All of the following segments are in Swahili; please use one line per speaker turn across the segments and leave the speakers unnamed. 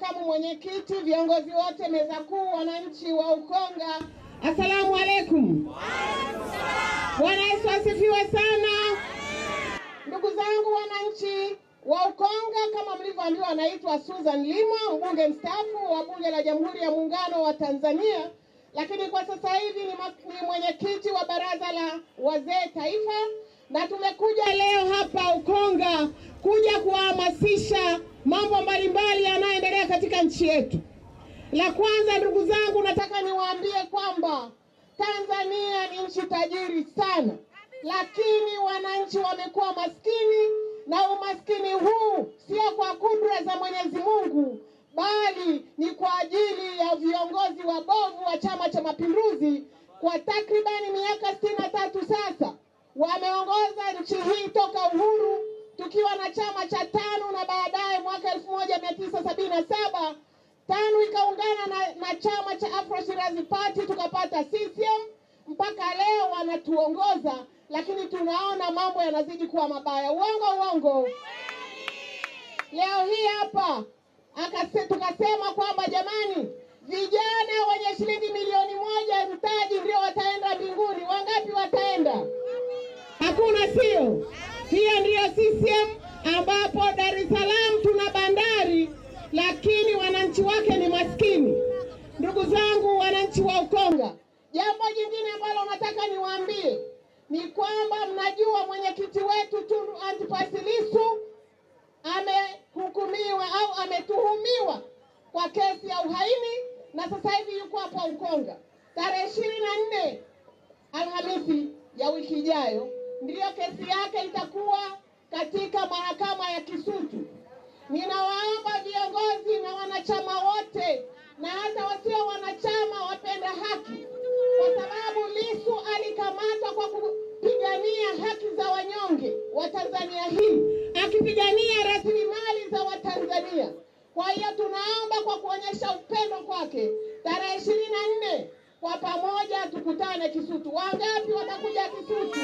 makamu mwenyekiti, viongozi wote, meza kuu, wananchi wa Ukonga,
asalamu alaikum. Bwana Yesu asifiwe sana,
ndugu zangu wananchi wa Ukonga. Kama mlivyoambiwa, anaitwa Susan Lima, mbunge mstaafu wa bunge la Jamhuri ya Muungano wa Tanzania, lakini kwa sasa hivi ni mwenyekiti wa baraza la wazee taifa, na tumekuja leo hapa Ukonga kuja kuwahamasisha mambo mbalimbali yanayoendelea katika nchi yetu. La kwanza, ndugu zangu, nataka niwaambie kwamba Tanzania ni nchi tajiri sana, lakini wananchi wamekuwa maskini, na umaskini huu sio kwa kudra za Mwenyezi Mungu bali ni kwa ajili ya viongozi wabovu wa Chama cha Mapinduzi. Kwa takribani miaka sitini na tatu sasa wameongoza nchi hii toka uhuru akiwa na chama cha TANU na baadaye mwaka elfu moja mia tisa sabini na saba TANU ikaungana na, na chama cha Afro Shirazi Party tukapata CCM mpaka leo wanatuongoza, lakini tunaona mambo yanazidi kuwa mabaya. Uongo uongo? Leo hii hapa akase, tukasema kwamba jamani, vijana wenye shilingi milioni moja mtaji ndio wataenda mbinguni. Wangapi wataenda?
Hakuna, sio? Hiyo ndiyo CCM ambapo Dar es Salaam tuna bandari, lakini wananchi wake ni maskini. Ndugu zangu, wananchi wa Ukonga,
jambo jingine ambalo nataka niwaambie ni kwamba mnajua mwenyekiti wetu Tundu Antipas Lissu amehukumiwa au ametuhumiwa kwa kesi ya uhaini na sasa hivi yuko hapa Ukonga. Tarehe ishirini na nne Alhamisi ya wiki ijayo ndiyo kesi yake itakuwa katika mahakama ya Kisutu. Ninawaomba viongozi na wanachama wote na hata wasio wanachama wapenda haki, kwa sababu Lissu alikamatwa kwa kupigania haki za wanyonge wa Tanzania hii, akipigania rasilimali za Watanzania. Kwa hiyo tunaomba kwa kuonyesha upendo kwake, tarehe ishirini na nne kwa pamoja tukutane Kisutu. Wangapi watakuja Kisutu?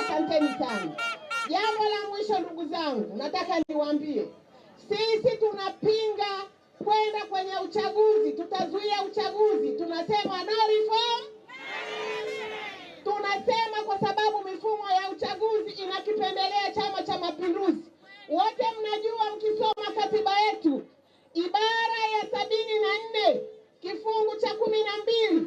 Asanteni sana. Jambo la mwisho, ndugu zangu, nataka niwaambie, sisi tunapinga kwenda kwenye uchaguzi, tutazuia uchaguzi. Tunasema no reform, tunasema kwa sababu mifumo ya uchaguzi inakipendelea Chama cha Mapinduzi. Wote mnajua, mkisoma katiba yetu ibara ya sabini na nne kifungu cha kumi na mbili